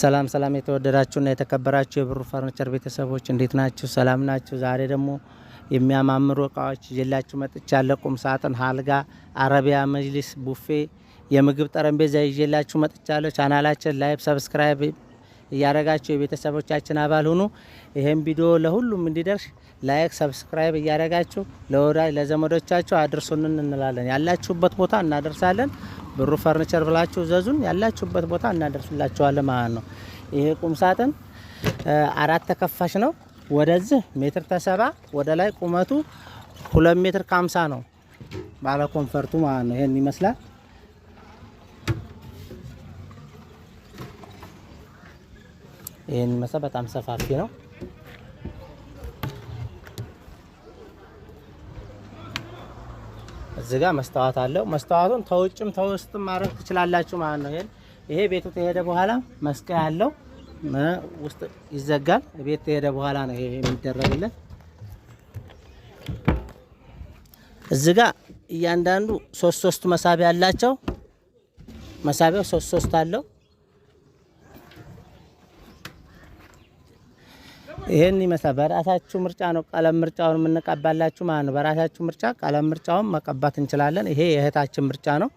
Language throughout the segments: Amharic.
ሰላም ሰላም የተወደዳችሁና የተከበራችሁ የብሩ ፈርኒቸር ቤተሰቦች እንዴት ናችሁ? ሰላም ናችሁ? ዛሬ ደግሞ የሚያማምሩ እቃዎች ይዤላችሁ መጥቻለሁ። ቁም ሳጥን፣ አልጋ፣ አረቢያ መጅሊስ፣ ቡፌ፣ የምግብ ጠረጴዛ ይዤላችሁ መጥቻለሁ። ቻናላችን ላይብ ሰብስክራይብ እያረጋችሁ የቤተሰቦቻችን አባል ሁኑ። ይህም ቪዲዮ ለሁሉም እንዲደርስ ላይክ፣ ሰብስክራይብ እያረጋችሁ ለወዳጅ ለዘመዶቻችሁ አድርሱንን እንላለን። ያላችሁበት ቦታ እናደርሳለን። ብሩ ፈርኒቸር ብላችሁ ዘዙን። ያላችሁበት ቦታ እናደርስላችኋለን ማለት ነው። ይሄ ቁምሳጥን አራት ተከፋሽ ነው። ወደዚህ ሜትር ተሰባ ወደ ላይ ቁመቱ ሁለት ሜትር ከሀምሳ ነው። ባለ ኮንፈርቱ ማለት ነው። ይሄን ይመስላል። ይህን መሳ በጣም ሰፋፊ ነው። እዚህ ጋር መስተዋት አለው። መስተዋቱን ተውጭም ተውስጥም ማድረግ ትችላላችሁ ማለት ነው። ይሄን ይሄ ቤቱ ከሄደ በኋላ መስቀያ ያለው ውስጥ ይዘጋል። ቤት ከሄደ በኋላ ነው ይሄ የሚደረግለት። እዚህ ጋር እያንዳንዱ ሶስት ሶስት መሳቢያ አላቸው። መሳቢያው ሶስት ሶስት አለው። ይሄን ይመስላል። በራሳችሁ ምርጫ ነው ቀለም ምርጫውን የምንቀባላችሁ ማለት ነው። በራሳችሁ ምርጫ ቀለም ምርጫውን መቀባት እንችላለን። ይሄ የእህታችን ምርጫ ነው።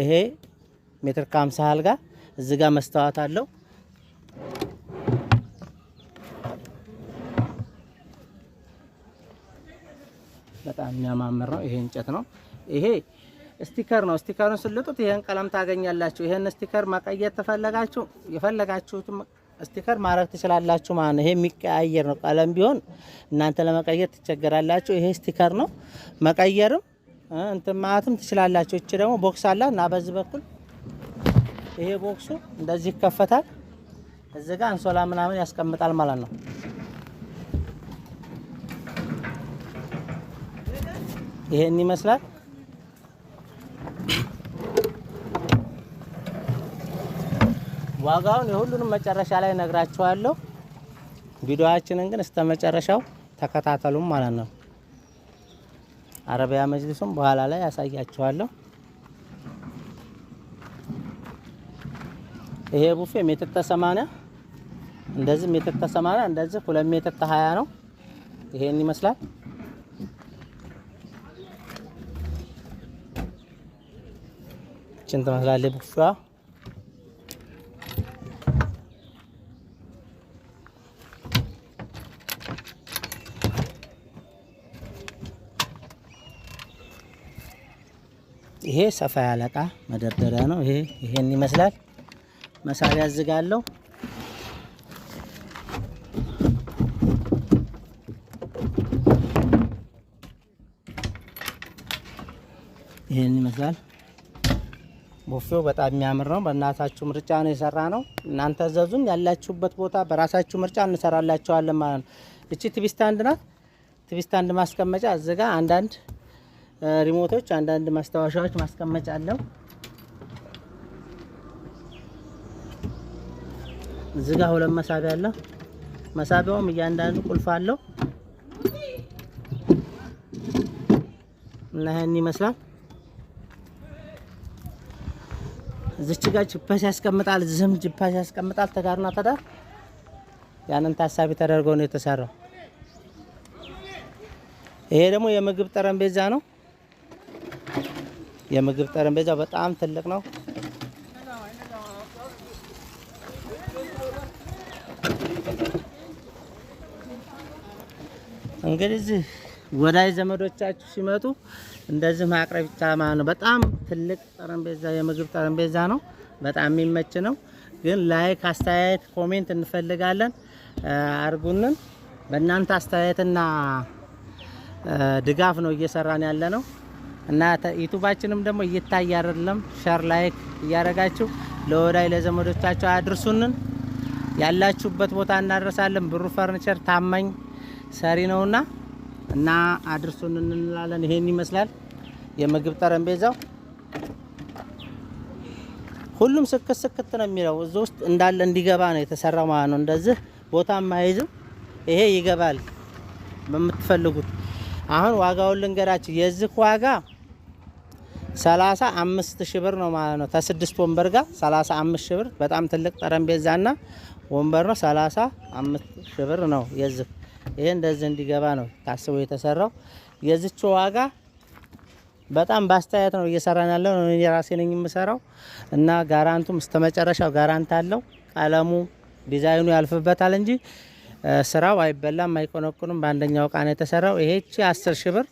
ይሄ ሜትር ከሀምሳ አልጋ እዚህ ጋር መስተዋት አለው። በጣም የሚያማምር ነው። ይሄ እንጨት ነው። ይሄ ስቲከር ነው። ስቲከሩን ስልጡት ይሄን ቀለም ታገኛላችሁ። ይሄን ስቲከር መቀየር ተፈለጋችሁ የፈለጋችሁት ስቲከር ማድረግ ትችላላችሁ ማለት ነው። ይሄ የሚቀያየር ነው። ቀለም ቢሆን እናንተ ለመቀየር ትቸገራላችሁ። ይሄ ስቲከር ነው። መቀየርም እንትን ማለትም ትችላላችሁ። እቺ ደግሞ ቦክስ አላት እና በዚህ በኩል ይሄ ቦክሱ እንደዚህ ይከፈታል። እዚህ ጋር አንሶላ ምናምን ያስቀምጣል ማለት ነው። ይሄን ይመስላል። ዋጋውን የሁሉንም መጨረሻ ላይ ነግራችኋለሁ። ቪዲዮችንን ግን እስከ መጨረሻው ተከታተሉም ማለት ነው። አረቢያ መጅሊሱም በኋላ ላይ ያሳያችኋለሁ። ይሄ ቡፌ ሜትር ተሰማንያ እንደዚህ ሜትር ተሰማንያ እንደዚህ ሁለት ሜትር ተሀያ ነው። ይሄን ይመስላል። ችን ትመስላለች ቡፌዋ ይሄ ሰፋ ያለ እቃ መደርደሪያ ነው። ይሄ ይሄን ይመስላል። መሳቢያ እዝጋለሁ። ይሄን ይመስላል። ቦፌው በጣም የሚያምር ነው። በእናታችሁ ምርጫ ነው የሰራ ነው። እናንተ ዘዙን ያላችሁበት ቦታ በራሳችሁ ምርጫ እንሰራላችኋለን ማለት ነው። እቺ ቲቪ ስታንድ ናት። ቲቪ ስታንድ ማስቀመጫ እዚጋ አንዳንድ ሪሞቶች፣ አንዳንድ ማስታወሻዎች ማስቀመጫ አለው። እዚህ ጋር ሁለት መሳቢያ አለው። መሳቢያውም እያንዳንዱ ቁልፍ አለው እና ይህን ይመስላል። እዚች ጋር ጅፓስ ያስቀምጣል፣ ዝም ጅፓስ ያስቀምጣል። ተዳርና ተዳር ያንን ታሳቢ ተደርጎ ነው የተሰራው። ይሄ ደግሞ የምግብ ጠረጴዛ ነው። የምግብ ጠረጴዛ በጣም ትልቅ ነው። እንግዲህ እዚህ ወዳጅ ዘመዶቻችሁ ሲመጡ እንደዚህ ማቅረብ ይቻላል ማለት ነው። በጣም ትልቅ ጠረጴዛ የምግብ ጠረጴዛ ነው። በጣም የሚመች ነው። ግን ላይክ፣ አስተያየት፣ ኮሜንት እንፈልጋለን አርጉንን። በእናንተ አስተያየትና ድጋፍ ነው እየሰራን ያለ ነው። እና ዩቱባችንም ደግሞ እይታይ አይደለም፣ ሸር ላይክ እያደረጋችሁ ለወዳይ ለዘመዶቻችሁ አድርሱንን። ያላችሁበት ቦታ እናደርሳለን። ብሩ ፈርኒቸር ታማኝ ሰሪ ነውና እና አድርሱን እንላለን። ይሄን ይመስላል የምግብ ጠረጴዛው። ሁሉም ስክት ስክት ነው የሚለው እዚህ ውስጥ እንዳለ እንዲገባ ነው የተሰራው ማለት ነው። እንደዚህ ቦታ ማይዝም፣ ይሄ ይገባል በምትፈልጉት። አሁን ዋጋውን ልንገራችሁ የዚህ ዋጋ ሰላሳ አምስት ሺህ ብር ነው ማለት ነው። ከስድስት ወንበር ጋር ሰላሳ አምስት ሺህ ብር በጣም ትልቅ ጠረጴዛና ወንበር ነው። ሰላሳ አምስት ሺህ ብር ነው የዚህ ይህ እንደዚህ እንዲገባ ነው ታስቦ የተሰራው። የዚች ዋጋ በጣም በአስተያየት ነው እየሰራን ያለው። እኔ ራሴ ነኝ የምሰራው እና ጋራንቱም እስከ መጨረሻው ጋራንት አለው። ቀለሙ ዲዛይኑ ያልፍበታል እንጂ ስራው አይበላም አይቆነቁንም። በአንደኛው እቃ ነው የተሰራው። ይሄቺ አስር ሺህ ብር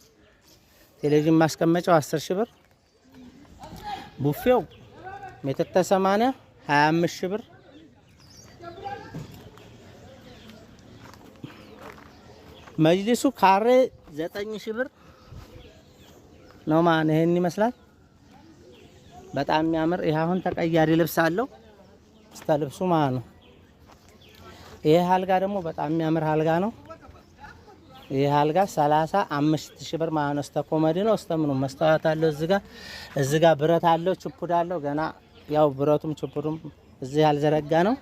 ቴሌቪዥን ማስቀመጫው አስር ሺህ ብር ቡፌው ሜትር ተሰማንያ 25 ሺህ ብር። መጅሊሱ ካሬ 9 ሺህ ብር ነው። ማን ይሄን ይመስላል። በጣም የሚያምር ይሄ አሁን ተቀያሪ ልብስ አለው እስተ ልብሱ ማለት ነው። ይሄ አልጋ ደግሞ በጣም የሚያምር አልጋ ነው። ይህ አልጋ 35 ሺህ ብር ማለት ነው። እስተ ኮመዲ ነው እስተ ምኑ መስተዋት አለው። እዚህ ጋር እዚህ ጋር ብረት አለው፣ ችፑድ አለው። ገና ያው ብረቱም ችፑዱም እዚህ ያልዘረጋ ነው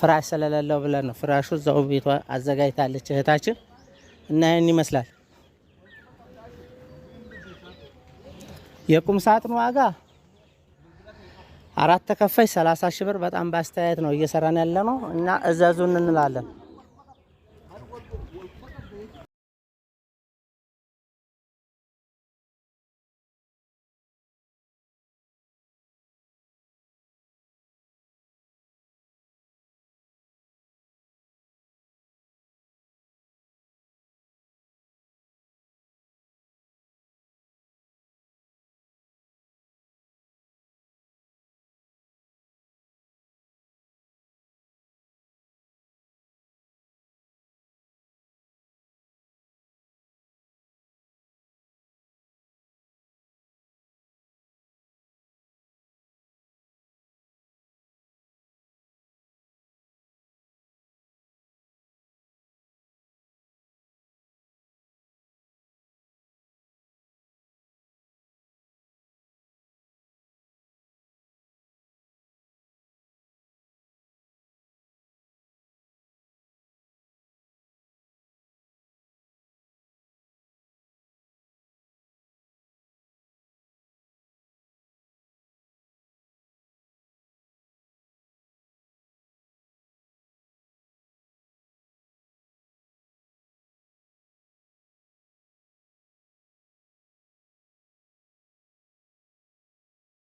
ፍራሽ ስለሌለው ብለን ነው። ፍራሹ እዛው ቤቷ አዘጋጅታለች እህታችን እና ይህን ይመስላል። የቁም ሳጥን ዋጋ አራት ተከፋይ 30 ሺህ ብር በጣም በአስተያየት ነው እየሰራን ያለ ነው እና እዘዙን እንላለን።